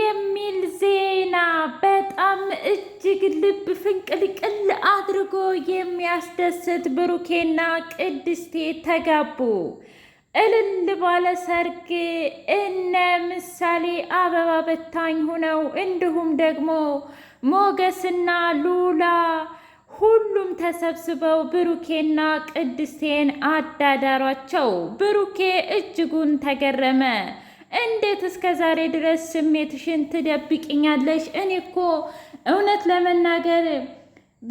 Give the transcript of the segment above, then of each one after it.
የሚል ዜና በጣም እጅግ ልብ ፍንቅልቅል አድርጎ የሚያስደስት ብሩኬና ቅድስቴ ተጋቡ። እልል ባለ ሰርግ እነ ምሳሌ አበባ በታኝ ሆነው እንዲሁም ደግሞ ሞገስና ሉላ ሁሉም ተሰብስበው ብሩኬና ቅድስቴን አዳዳሯቸው። ብሩኬ እጅጉን ተገረመ። እንዴት እስከ ዛሬ ድረስ ስሜትሽን ትደብቅኛለሽ? እኔ እኮ እውነት ለመናገር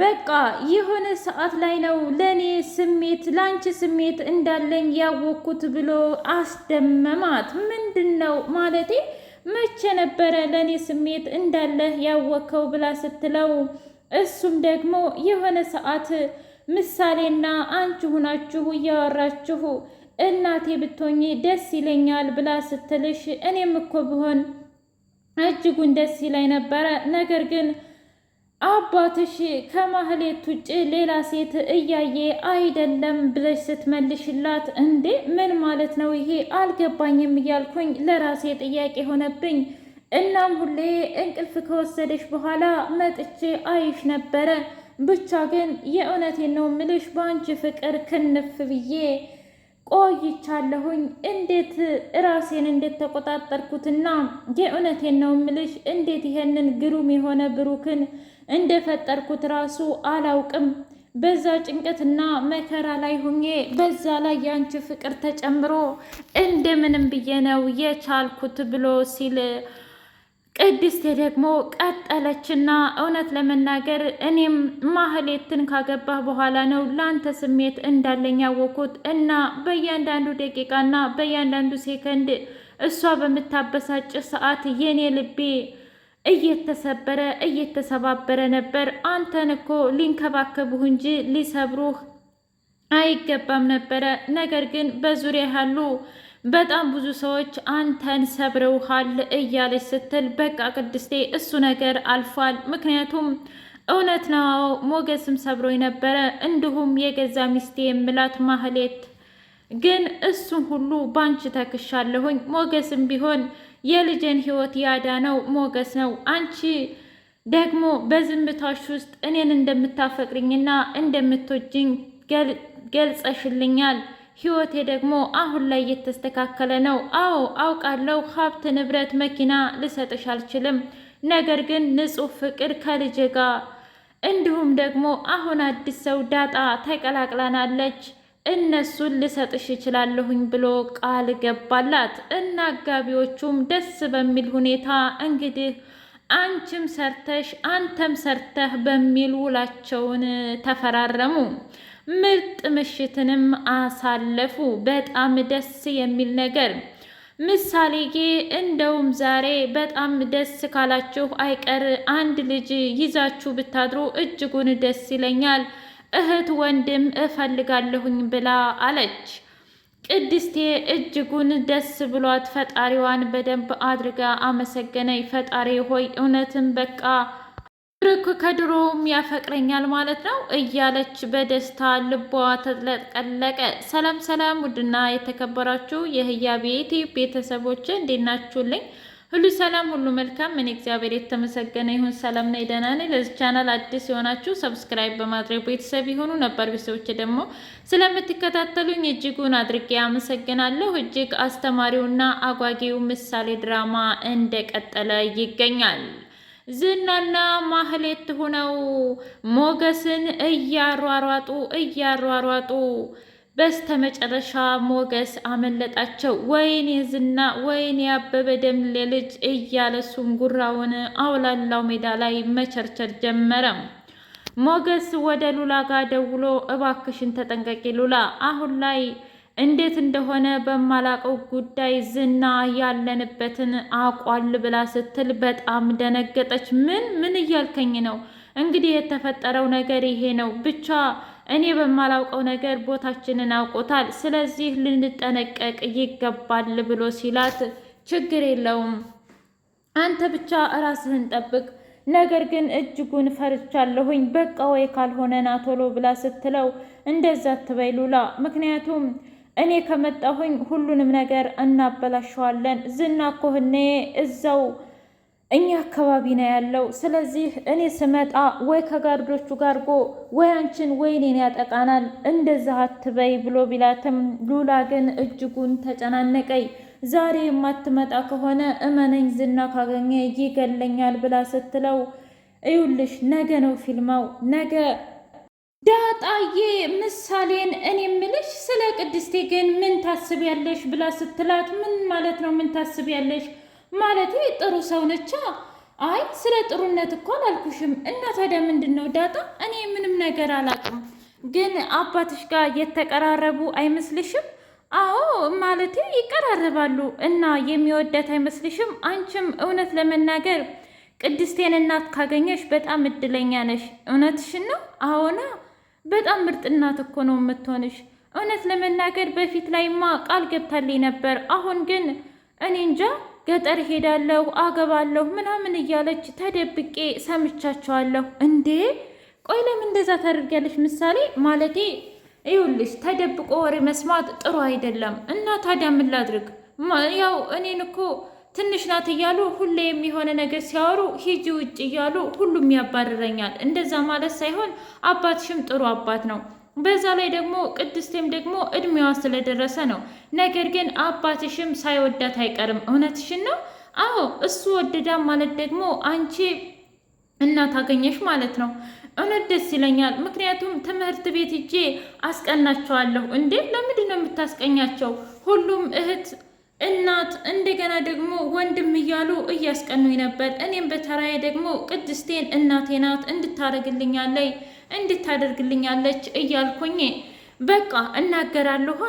በቃ የሆነ ሰዓት ላይ ነው ለእኔ ስሜት ለአንቺ ስሜት እንዳለኝ ያወቅኩት ብሎ አስደመማት። ምንድን ነው ማለቴ መቼ ነበረ ለእኔ ስሜት እንዳለህ ያወቅከው ብላ ስትለው እሱም ደግሞ የሆነ ሰዓት ምሳሌና አንቺ ሁናችሁ እያወራችሁ እናቴ ብትሆኝ ደስ ይለኛል ብላ ስትልሽ እኔም እኮ ብሆን እጅጉን ደስ ይለኝ ነበረ። ነገር ግን አባትሽ ከማህሌት ውጭ ሌላ ሴት እያየ አይደለም ብለሽ ስትመልሽላት፣ እንዴ ምን ማለት ነው ይሄ አልገባኝም እያልኩኝ ለራሴ ጥያቄ ሆነብኝ። እናም ሁሌ እንቅልፍ ከወሰደሽ በኋላ መጥቼ አይሽ ነበረ። ብቻ ግን የእውነቴን ነው ምልሽ በአንቺ ፍቅር ክንፍ ብዬ ቆይቻለሁኝ እንዴት ራሴን እንዴት ተቆጣጠርኩትና የእውነቴን ነው ምልሽ፣ እንዴት ይሄንን ግሩም የሆነ ብሩክን እንደፈጠርኩት ራሱ አላውቅም። በዛ ጭንቀትና መከራ ላይ ሁኜ በዛ ላይ ያንቺ ፍቅር ተጨምሮ እንደምንም ብዬ ነው የቻልኩት ብሎ ሲል ቅድስቴ ደግሞ ቀጠለችና እውነት ለመናገር እኔም ማህሌትን ካገባህ በኋላ ነው ለአንተ ስሜት እንዳለኝ ያወኩት እና በእያንዳንዱ ደቂቃና በእያንዳንዱ ሴከንድ እሷ በምታበሳጭ ሰዓት የኔ ልቤ እየተሰበረ እየተሰባበረ ነበር። አንተን እኮ ሊንከባከቡህ እንጂ ሊሰብሩህ አይገባም ነበረ። ነገር ግን በዙሪያ ያሉ በጣም ብዙ ሰዎች አንተን ሰብረውሃል እያለች ስትል በቃ ቅድስቴ እሱ ነገር አልፏል። ምክንያቱም እውነት ነው ሞገስም ሰብሮ ነበረ፣ እንዲሁም የገዛ ሚስቴ የምላት ማህሌት ግን እሱን ሁሉ ባንቺ ተክሻለሁኝ። ሞገስም ቢሆን የልጄን ህይወት ያዳነው ሞገስ ነው። አንቺ ደግሞ በዝምታሽ ውስጥ እኔን እንደምታፈቅርኝና እንደምትጅኝ ገልጸሽልኛል። ህይወቴ ደግሞ አሁን ላይ እየተስተካከለ ነው። አዎ አውቃለሁ፣ ሀብት ንብረት፣ መኪና ልሰጥሽ አልችልም። ነገር ግን ንጹሕ ፍቅር ከልጅ ጋር እንዲሁም ደግሞ አሁን አዲስ ሰው ዳጣ ተቀላቅላናለች እነሱን ልሰጥሽ ይችላለሁኝ ብሎ ቃል ገባላት እና አጋቢዎቹም ደስ በሚል ሁኔታ እንግዲህ አንቺም ሰርተሽ አንተም ሰርተህ በሚል ውላቸውን ተፈራረሙ። ምርጥ ምሽትንም አሳለፉ። በጣም ደስ የሚል ነገር ምሳሌዬ፣ እንደውም ዛሬ በጣም ደስ ካላችሁ አይቀር አንድ ልጅ ይዛችሁ ብታድሩ እጅጉን ደስ ይለኛል። እህት ወንድም እፈልጋለሁኝ ብላ አለች። ቅድስቴ እጅጉን ደስ ብሏት ፈጣሪዋን በደንብ አድርጋ አመሰገነ ፈጣሪ ሆይ እውነትም በቃ ብሩክ ከድሮውም ያፈቅረኛል ማለት ነው እያለች በደስታ ልቧ ተጥለቀለቀ። ሰላም ሰላም! ውድና የተከበራችሁ የህያ ቤቴ ቤተሰቦች እንዴት ናችሁልኝ? ሁሉ ሰላም፣ ሁሉ መልካም። እኔ እግዚአብሔር የተመሰገነ ይሁን ሰላም ነኝ፣ ደህና ነኝ። ለዚህ ቻናል አዲስ የሆናችሁ ሰብስክራይብ በማድረግ ቤተሰብ የሆኑ ነባር ቤተሰቦች ደግሞ ስለምትከታተሉኝ እጅጉን አድርጌ አመሰግናለሁ። እጅግ አስተማሪውና አጓጊው ምሳሌ ድራማ እንደቀጠለ ይገኛል። ዝናና ማህሌት ሆነው ሞገስን እያሯሯጡ እያሯሯጡ በስተመጨረሻ ሞገስ አመለጣቸው። ወይኔ ዝና፣ ወይኔ ያበበ ደምሌ ልጅ እያለ እሱም ጉራውን አውላላው ሜዳ ላይ መቸርቸር ጀመረ። ሞገስ ወደ ሉላ ጋር ደውሎ እባክሽን ተጠንቀቂ ሉላ አሁን ላይ እንዴት እንደሆነ በማላቀው ጉዳይ ዝና ያለንበትን አቋል ብላ ስትል በጣም ደነገጠች። ምን ምን እያልከኝ ነው? እንግዲህ የተፈጠረው ነገር ይሄ ነው። ብቻ እኔ በማላውቀው ነገር ቦታችንን አውቆታል። ስለዚህ ልንጠነቀቅ ይገባል ብሎ ሲላት ችግር የለውም አንተ ብቻ እራስህን ጠብቅ፣ ነገር ግን እጅጉን ፈርቻለሁኝ። በቃ ወይ ካልሆነ ና ቶሎ ብላ ስትለው እንደዛ አትበይ ሉላ ምክንያቱም እኔ ከመጣሁኝ ሁሉንም ነገር እናበላሸዋለን። ዝና ኮህኔ እዛው እኛ አካባቢ ነው ያለው። ስለዚህ እኔ ስመጣ ወይ ከጋርዶቹ ጋር ጎ ወይ አንቺን ወይ እኔን ያጠቃናል፣ እንደዛ አትበይ ብሎ ቢላትም ሉላ ግን እጅጉን ተጨናነቀኝ። ዛሬ የማትመጣ ከሆነ እመነኝ ዝና ካገኘ ይገለኛል ብላ ስትለው፣ እዩልሽ ነገ ነው ፊልማው ነገ ዳጣዬ ምሳሌን እኔ ምልሽ ስለ ቅድስቴ ግን ምን ታስቢያለሽ ብላ ስትላት፣ ምን ማለት ነው ምን ታስቢያለሽ? ማለቴ ጥሩ ሰው ነቻ። አይ ስለ ጥሩነት እኮ አላልኩሽም። እና ታዲያ ምንድን ነው ዳጣ? እኔ ምንም ነገር አላውቅም። ግን አባትሽ ጋር የተቀራረቡ አይመስልሽም? አዎ ማለቴ ይቀራረባሉ። እና የሚወዳት አይመስልሽም? አንቺም እውነት ለመናገር ቅድስቴን እናት ካገኘሽ በጣም እድለኛ ነሽ። እውነትሽን ነው? አዎና በጣም ምርጥ እናት እኮ ነው የምትሆንሽ። እውነት ለመናገር በፊት ላይማ ቃል ገብታልኝ ነበር። አሁን ግን እኔ እንጃ ገጠር ሄዳለሁ፣ አገባለሁ ምናምን እያለች ተደብቄ ሰምቻቸዋለሁ። እንዴ ቆይ ለምን እንደዛ ታደርጊያለሽ? ምሳሌ ማለቴ ይኸውልሽ፣ ተደብቆ ወሬ መስማት ጥሩ አይደለም እና ታዲያ ምን ላድርግ? ያው እኔን እኮ ትንሽ ናት እያሉ ሁሌ የሚሆነ ነገር ሲያወሩ ሂጂ ውጭ እያሉ ሁሉም ያባርረኛል። እንደዛ ማለት ሳይሆን አባትሽም ጥሩ አባት ነው። በዛ ላይ ደግሞ ቅድስቴም ደግሞ እድሜዋ ስለደረሰ ነው። ነገር ግን አባትሽም ሳይወዳት አይቀርም። እውነትሽን ነው። አዎ እሱ ወደዳ ማለት ደግሞ አንቺ እናት አገኘሽ ማለት ነው። እውነት ደስ ይለኛል። ምክንያቱም ትምህርት ቤት ሂጄ አስቀናቸዋለሁ። እንዴ ለምንድን ነው የምታስቀኛቸው? ሁሉም እህት እናት እንደገና ደግሞ ወንድም እያሉ እያስቀኑኝ ነበር። እኔም በተራዬ ደግሞ ቅድስቴን እናቴ ናት እንድታደርግልኛለች እንድታደርግልኛለች እያልኩኝ በቃ እናገራለኋ።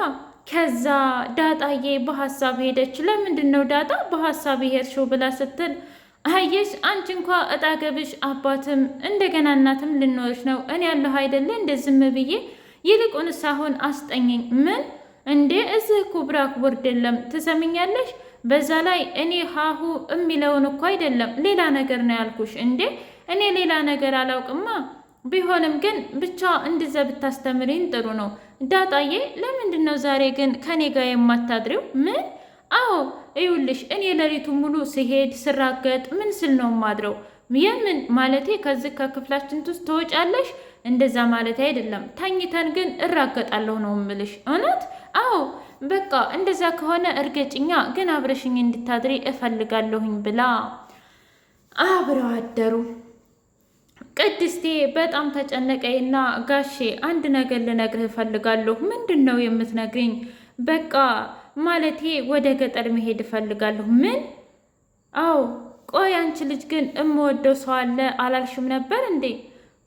ከዛ ዳጣዬ በሀሳብ ሄደች። ለምንድን ነው ዳጣ በሀሳብ ሄድሽው ብላ ስትል አየሽ አንቺ እንኳ እጣገብሽ አባትም እንደገና እናትም ልኖርሽ ነው። እኔ ያለሁ አይደለ ዝም ብዬ ይልቁንስ አሁን አስጠኘኝ ምን እንዴ እዚህ እኮ ብራክ ቦርድ የለም ትሰምኛለሽ? በዛ ላይ እኔ ሀሁ የሚለውን እኮ አይደለም ሌላ ነገር ነው ያልኩሽ። እንዴ እኔ ሌላ ነገር አላውቅማ። ቢሆንም ግን ብቻ እንድዘ ብታስተምሪን ጥሩ ነው። ዳጣዬ፣ ለምንድን ነው ዛሬ ግን ከኔ ጋር የማታድሪው? ምን? አዎ እዩልሽ፣ እኔ ሌሊቱን ሙሉ ስሄድ ስራገጥ ምን ስል ነው ማድረው? የምን ማለቴ ከዚህ ከክፍላችን ውስጥ ተወጫለሽ? እንደዛ ማለት አይደለም። ተኝተን ግን እራገጣለሁ ነው ምልሽ። እውነት? አዎ በቃ እንደዛ ከሆነ እርገጭኛ፣ ግን አብረሽኝ እንድታድሪ እፈልጋለሁኝ ብላ አብረው አደሩ። ቅድስቴ በጣም ተጨነቀይና፣ ጋሼ አንድ ነገር ልነግርህ እፈልጋለሁ። ምንድን ነው የምትነግሪኝ? በቃ ማለቴ ወደ ገጠር መሄድ እፈልጋለሁ። ምን? አዎ። ቆይ አንቺ ልጅ ግን እምወደው ሰው አለ አላልሽም ነበር እንዴ?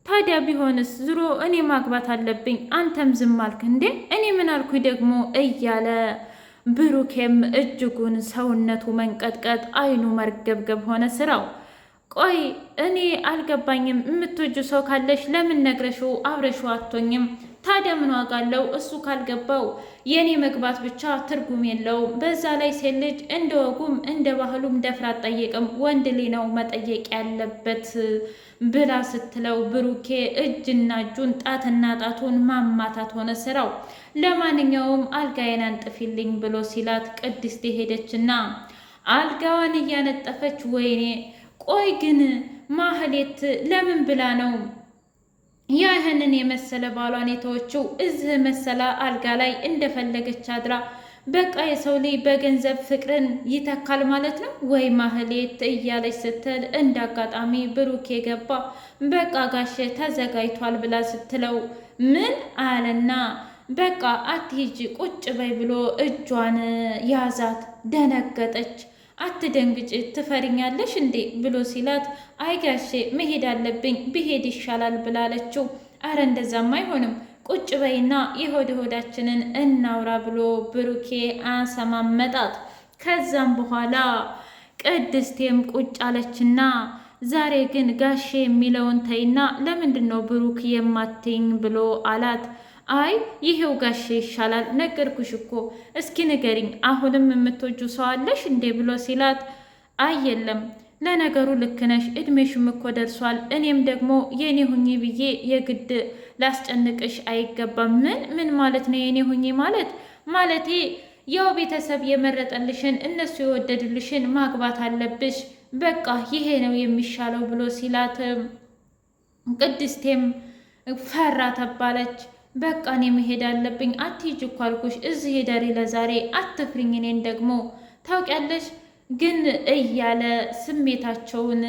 ታዲያ ቢሆንስ ዝሮ እኔ ማግባት አለብኝ፣ አንተም ዝም አልክ እንዴ? እኔ ምን አልኩኝ ደግሞ እያለ ብሩኬም እጅጉን ሰውነቱ መንቀጥቀጥ፣ አይኑ መርገብገብ ሆነ ስራው። ቆይ እኔ አልገባኝም፣ የምትወጁ ሰው ካለሽ ለምን ነግረሽው አብረሽው አቶኝም ታዲያ ምን ዋጋ አለው? እሱ ካልገባው የእኔ መግባት ብቻ ትርጉም የለውም። በዛ ላይ ሴት ልጅ እንደ ወጉም እንደ ባህሉም ደፍራ አትጠይቅም። ወንድ ነው መጠየቅ ያለበት ብላ ስትለው ብሩኬ እጅና እጁን ጣትና ጣቱን ማማታት ሆነ ስራው። ለማንኛውም አልጋዬን አንጥፊልኝ ብሎ ሲላት ቅድስት ሄደችና አልጋዋን እያነጠፈች ወይኔ ቆይ ግን ማህሌት ለምን ብላ ነው ያህንን የመሰለ ባሏን የተወችው እዚህ መሰላ አልጋ ላይ እንደፈለገች አድራ በቃ የሰው ልጅ በገንዘብ ፍቅርን ይተካል ማለት ነው ወይ ማህሌት እያለች ስትል እንደ አጋጣሚ ብሩኬ ገባ። በቃ ጋሼ ተዘጋጅቷል ብላ ስትለው ምን አለና በቃ አትሂጂ ቁጭ በይ ብሎ እጇን ያዛት። ደነገጠች። አትደንግጭ፣ ትፈሪኛለሽ እንዴ ብሎ ሲላት አይጋሼ መሄድ አለብኝ ብሄድ ይሻላል ብላለችው። አረ እንደዛም አይሆንም ቁጭ በይና የሆድ ሆዳችንን እናውራ ብሎ ብሩኬ አሰማመጣት። ከዛም በኋላ ቅድስቴም ቁጭ አለችና ዛሬ ግን ጋሼ የሚለውን ተይና ለምንድን ነው ብሩክ የማትኝ ብሎ አላት። አይ ይሄው ጋሼ ይሻላል፣ ነገርኩሽ እኮ እስኪ ንገሪኝ፣ አሁንም የምትወጁ ሰው አለሽ እንዴ ብሎ ሲላት፣ አይ የለም፣ ለነገሩ ልክ ነሽ፣ እድሜሽም እኮ ደርሷል። እኔም ደግሞ የኔ ሁኚ ብዬ የግድ ላስጨንቅሽ አይገባም። ምን ምን ማለት ነው የኔ ሁኚ ማለት? ማለቴ ያው ቤተሰብ የመረጠልሽን እነሱ የወደዱልሽን ማግባት አለብሽ። በቃ ይሄ ነው የሚሻለው ብሎ ሲላት፣ ቅድስቴም ፈራ ተባለች። በቃ እኔ መሄድ አለብኝ። አትሂጂ እኮ አልኩሽ፣ እዚህ ሄደሪ ለዛሬ አትፍሪኝ፣ እኔን ደግሞ ታውቂያለሽ። ግን እያለ ስሜታቸውን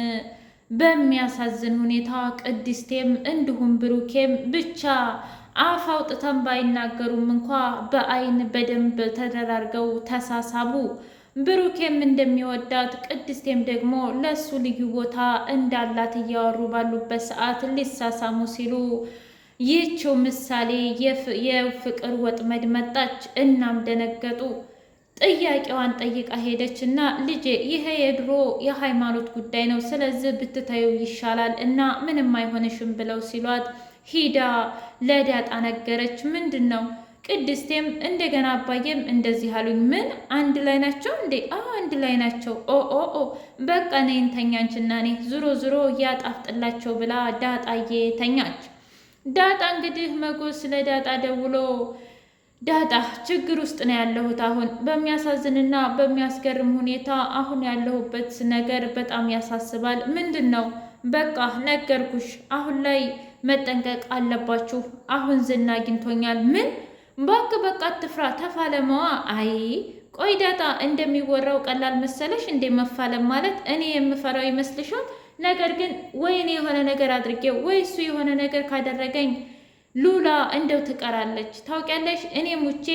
በሚያሳዝን ሁኔታ ቅድስቴም እንዲሁም ብሩኬም ብቻ አፍ አውጥተን ባይናገሩም እንኳ በአይን በደንብ ተደራርገው ተሳሳቡ። ብሩኬም እንደሚወዳት ቅድስቴም ደግሞ ለእሱ ልዩ ቦታ እንዳላት እያወሩ ባሉበት ሰዓት ሊሳሳሙ ሲሉ ይህችው ምሳሌ የፍቅር ወጥመድ መጣች። እናም ደነገጡ። ጥያቄዋን ጠይቃ ሄደች እና ልጄ ይሄ የድሮ የሃይማኖት ጉዳይ ነው፣ ስለዚህ ብትታዩ ይሻላል እና ምንም አይሆንሽም ብለው ሲሏት ሂዳ ለዳጣ ነገረች። ምንድን ነው ቅድስቴም እንደገና አባዬም እንደዚህ አሉኝ። ምን አንድ ላይ ናቸው እንዴ? አዎ አንድ ላይ ናቸው። ኦ ኦ ኦ በቃ ነይን ተኛንችና ኔ ዙሮ ዙሮ ያጣፍጥላቸው ብላ ዳጣዬ ተኛች። ዳጣ እንግዲህ መጎስ ስለ ዳጣ ደውሎ ዳጣ ችግር ውስጥ ነው ያለሁት። አሁን በሚያሳዝንና በሚያስገርም ሁኔታ አሁን ያለሁበት ነገር በጣም ያሳስባል። ምንድን ነው? በቃ ነገርኩሽ። አሁን ላይ መጠንቀቅ አለባችሁ። አሁን ዝና አግኝቶኛል። ምን? ባክ በቃ ትፍራ ተፋለመዋ። አይ ቆይ ዳጣ እንደሚወራው ቀላል መሰለሽ እንዴ? መፋለም ማለት እኔ የምፈራው ይመስልሻል? ነገር ግን ወይ እኔ የሆነ ነገር አድርጌ ወይ እሱ የሆነ ነገር ካደረገኝ ሉላ እንደው ትቀራለች። ታውቂያለሽ፣ እኔ ሙቼ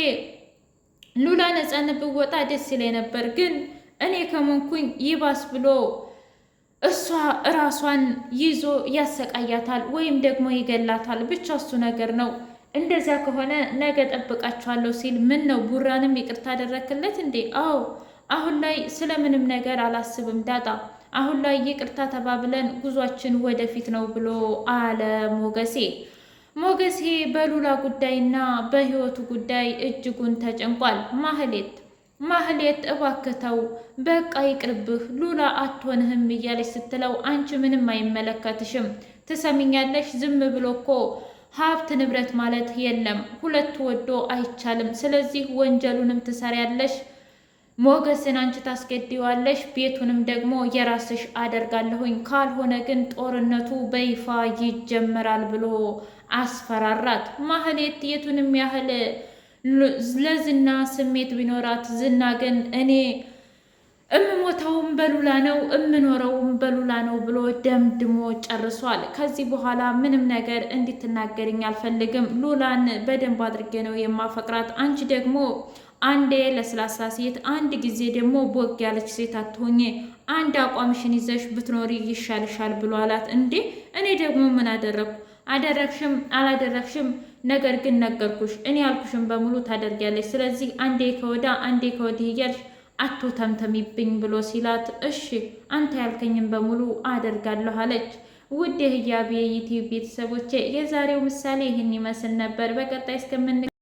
ሉላ ነፃነት ብወጣ ደስ ይለኝ ነበር፣ ግን እኔ ከመንኩኝ ይባስ ብሎ እሷ እራሷን ይዞ ያሰቃያታል ወይም ደግሞ ይገላታል። ብቻ እሱ ነገር ነው። እንደዚያ ከሆነ ነገ ጠብቃችኋለሁ ሲል ምን ነው ቡራንም ይቅርታ አደረክለት እንዴ? አዎ አሁን ላይ ስለምንም ነገር አላስብም ዳጣ አሁን ላይ ይቅርታ ተባብለን ጉዟችን ወደፊት ነው ብሎ አለ ሞገሴ። ሞገሴ በሉላ ጉዳይና በህይወቱ ጉዳይ እጅጉን ተጨንቋል። ማህሌት ማህሌት እባክተው በቃ ይቅርብህ፣ ሉላ አትሆንህም እያለች ስትለው አንቺ ምንም አይመለከትሽም ትሰሚኛለሽ? ዝም ብሎ እኮ ሀብት ንብረት ማለት የለም፣ ሁለት ወዶ አይቻልም። ስለዚህ ወንጀሉንም ትሰሪያለሽ ሞገስን አንቺ ታስገድዋለሽ፣ ቤቱንም ደግሞ የራስሽ አደርጋለሁኝ፣ ካልሆነ ግን ጦርነቱ በይፋ ይጀመራል ብሎ አስፈራራት። ማህሌት የቱንም ያህል ለዝና ስሜት ቢኖራት፣ ዝና ግን እኔ እምሞተውም በሉላ ነው እምኖረውም በሉላ ነው ብሎ ደምድሞ ጨርሷል። ከዚህ በኋላ ምንም ነገር እንድትናገርኝ አልፈልግም። ሉላን በደንብ አድርጌ ነው የማፈቅራት። አንቺ ደግሞ አንዴ ለስላሳ ሴት፣ አንድ ጊዜ ደግሞ ቦግ ያለች ሴት አትሆኝ። አንድ አቋምሽን ይዘሽ ብትኖሪ ይሻልሻል ብሎ አላት። እንዴ እኔ ደግሞ ምን አደረግኩ? አደረግሽም አላደረግሽም፣ ነገር ግን ነገርኩሽ። እኔ ያልኩሽም በሙሉ ታደርጊያለሽ። ስለዚህ አንዴ ከወዳ አንዴ ከወዲህ እያልሽ አቶ ተምተሚብኝ ብሎ ሲላት፣ እሺ አንተ ያልከኝም በሙሉ አደርጋለሁ አለች። ውድ የህያብ የዩቲዩብ ቤተሰቦቼ የዛሬው ምሳሌ ይህን ይመስል ነበር። በቀጣይ እስከምን